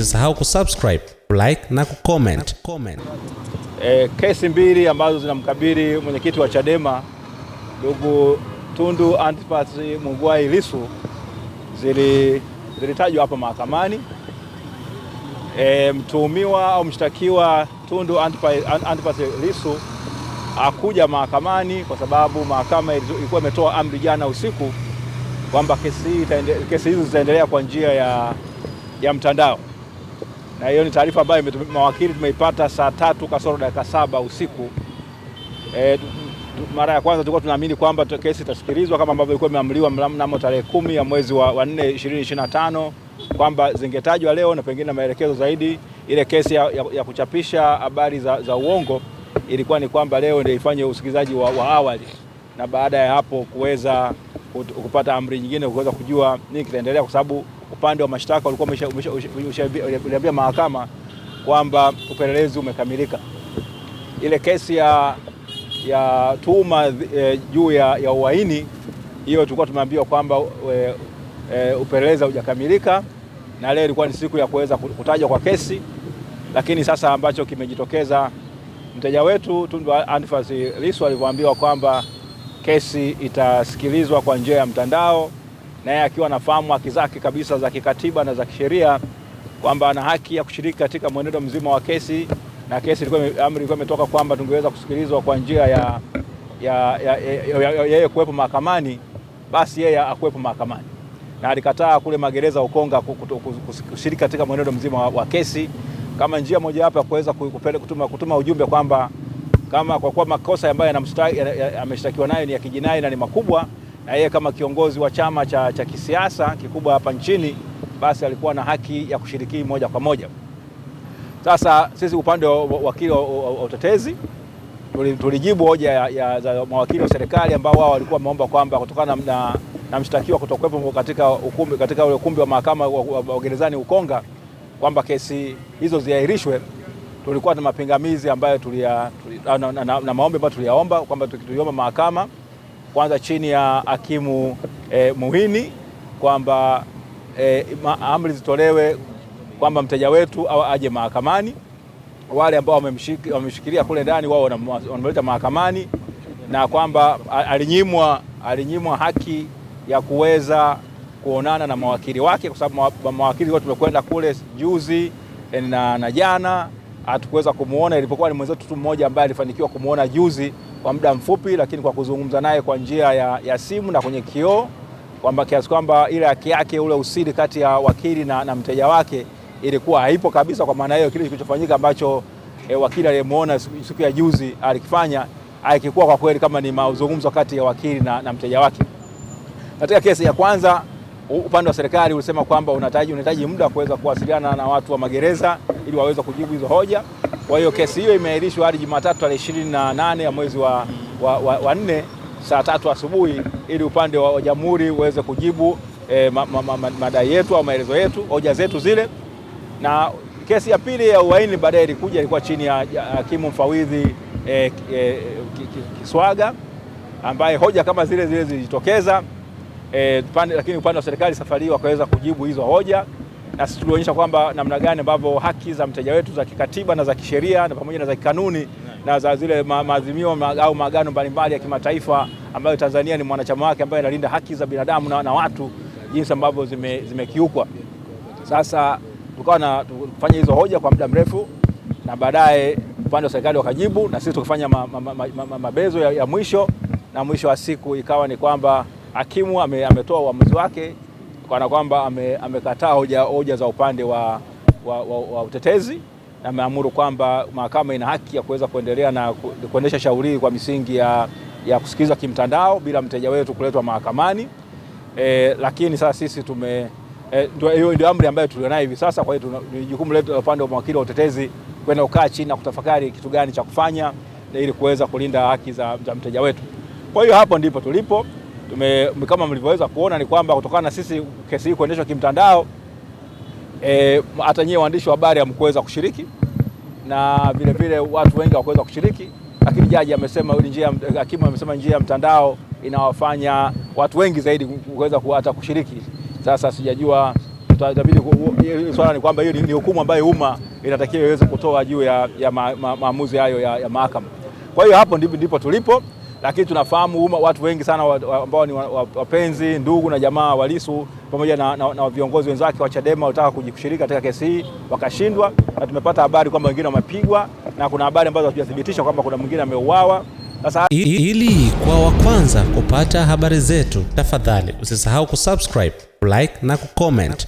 usisahau kusubscribe, like na kucomment. eh, kesi mbili ambazo zinamkabili mwenyekiti wa Chadema ndugu Tundu Antipas Mugwai lisu zilitajwa hapa mahakamani. E, mtuhumiwa au mshtakiwa Tundu Antipas lisu akuja mahakamani kwa sababu mahakama ilikuwa imetoa amri jana usiku kwamba kesi hizi zitaendelea kwa njia ya, ya mtandao na hiyo ni taarifa ambayo mawakili tumeipata saa tatu kasoro dakika saba usiku. E, mara ya kwanza tulikuwa tunaamini kwamba kesi itasikilizwa kama ambavyo ilikuwa imeamriwa mnamo tarehe kumi ya mwezi wa nne na tano kwamba zingetajwa leo na pengine na maelekezo zaidi. Ile kesi ya, ya, ya kuchapisha habari za, za uongo ilikuwa ni kwamba leo ndio ifanye usikilizaji wa, wa awali na baada ya hapo kuweza kupata amri nyingine kuweza kujua nini kitaendelea kwa sababu upande wa mashtaka walikuwa uliambia mahakama kwamba upelelezi umekamilika. Ile kesi ya, ya tuhuma e, juu ya, ya uhaini hiyo tulikuwa tumeambiwa kwamba e, e, upelelezi haujakamilika, na leo ilikuwa ni siku ya kuweza kutajwa kwa kesi, lakini sasa ambacho kimejitokeza mteja wetu Tundu Antiphas Lissu alivyoambiwa kwamba kesi itasikilizwa kwa njia ya mtandao naye akiwa anafahamu haki zake kabisa za kikatiba na za kisheria kwamba ana haki ya kushiriki katika mwenendo mzima wa kesi, na kesi ilikuwa amri ilikuwa imetoka kwamba tungeweza kusikilizwa kwa njia ya yeye kuwepo mahakamani, basi yeye akuwepo mahakamani, na alikataa kule magereza Ukonga kushiriki katika mwenendo mzima wa, wa kesi kama njia mojawapo ya kuweza kutuma, kutuma ujumbe kwamba kama kwa kuwa makosa ambayo ameshtakiwa nayo ni ya kijinai na ni makubwa na yeye kama kiongozi wa chama cha, cha kisiasa kikubwa hapa nchini, basi alikuwa na haki ya kushiriki moja kwa moja. Sasa sisi upande wa wakili wa utetezi tulijibu hoja ya, ya, za mawakili wa serikali ambao wao walikuwa wameomba kwamba kutokana na, na mshtakiwa kutokuwepo katika ukumbi, katika ule ukumbi wa mahakama wa gerezani Ukonga kwamba kesi hizo ziahirishwe. Tulikuwa na mapingamizi ambayo tulia, tulia, na, na, na, na maombi ambayo tuliyaomba kwamba tuliomba mahakama kwanza chini ya hakimu e, Muhini kwamba e, amri zitolewe kwamba mteja wetu au aje mahakamani. Wale ambao wamemshikilia kule ndani wao wanamleta mahakamani, na kwamba alinyimwa alinyimwa haki ya kuweza kuonana na mawakili wake, kwa sababu mawakili wote tumekwenda kule juzi eh, na, na jana hatukuweza kumuona, ilipokuwa ni mwenzetu tu mmoja ambaye alifanikiwa kumuona juzi kwa muda mfupi, lakini kwa kuzungumza naye kwa njia ya, ya simu na kwenye kioo kwamba kiasi kwamba ile haki yake, ule usiri kati ya wakili na, na mteja wake ilikuwa haipo kabisa. Kwa maana hiyo kile kilichofanyika ambacho e, wakili aliyemuona siku ya juzi alikifanya akikuwa kwa kweli kama ni mazungumzo kati ya wakili na, na mteja wake. Katika kesi ya kwanza upande wa serikali ulisema kwamba unahitaji unahitaji muda wa kuweza kuwasiliana na watu wa magereza ili waweze kujibu hizo hoja. Kwa hiyo kesi hiyo imeahirishwa hadi Jumatatu tarehe ishirini na nane ya mwezi wa, wa, wa, wa nne saa tatu asubuhi ili upande wa jamhuri uweze kujibu eh, madai ma, ma, ma, ma yetu au maelezo yetu hoja zetu zile. Na kesi ya pili ya uhaini baadaye ilikuja ilikuwa chini ya hakimu mfawidhi eh, eh, Kiswaga ambaye hoja kama zile zile zilijitokeza e, pande, lakini upande wa serikali safari hii wakaweza kujibu hizo hoja na sisi tulionyesha kwamba namna gani ambavyo haki za mteja wetu za kikatiba na za kisheria na pamoja na za kikanuni na za zile maazimio ma, au maagano mbalimbali ya kimataifa ambayo Tanzania ni mwanachama wake ambayo inalinda haki za binadamu na, na watu jinsi ambavyo zimekiukwa zime sasa tukawa na kufanya hizo hoja kwa muda mrefu, na baadaye upande wa serikali wakajibu, na sisi tukafanya mabezo ma, ma, ma, ma, ma, ya, ya mwisho, na mwisho wa siku ikawa ni kwamba hakimu ame, ametoa uamuzi wake kana kwamba ame, amekataa hoja, hoja za upande wa, wa, wa, wa utetezi na ameamuru kwamba mahakama ina haki ya kuweza kuendelea na kuendesha shauri kwa misingi ya, ya kusikiliza kimtandao bila mteja wetu kuletwa mahakamani. E, lakini sasa sisi tume e, hiyo e, ndio amri ambayo tulionayo hivi sasa. Kwa hiyo ni jukumu letu la upande wa mawakili wa utetezi kwenda kukaa chini na kutafakari kitu gani cha kufanya ili kuweza kulinda haki za, za mteja wetu. Kwa hiyo hapo ndipo tulipo tume, kama mlivyoweza kuona ni kwamba kutokana na sisi kesi hii kuendeshwa kimtandao e, hata e, nyie waandishi wa habari hamkuweza kushiriki na vilevile watu wengi hawakuweza kushiriki, lakini jaji amesema njia, hakimu amesema njia ya mtandao inawafanya watu wengi zaidi kuweza hata kushiriki. Sasa sijajua tutabidi, swala ni kwamba hiyo ni hukumu ambayo umma inatakiwa iweze kutoa juu ya, ya maamuzi ma, ma, hayo ya, ya mahakama. Kwa hiyo hapo ndipo tulipo lakini tunafahamu umma, watu wengi sana ambao ni wapenzi ndugu na jamaa wa Lissu pamoja na, na, na viongozi wenzake wa Chadema walitaka kushiriki katika kesi hii wakashindwa, na tumepata habari kwamba wengine wamepigwa na kuna habari ambazo hatujathibitisha kwamba kuna mwingine ameuawa. Sasa ili kwa wa kwanza kupata habari zetu, tafadhali usisahau kusubscribe, like na kucomment.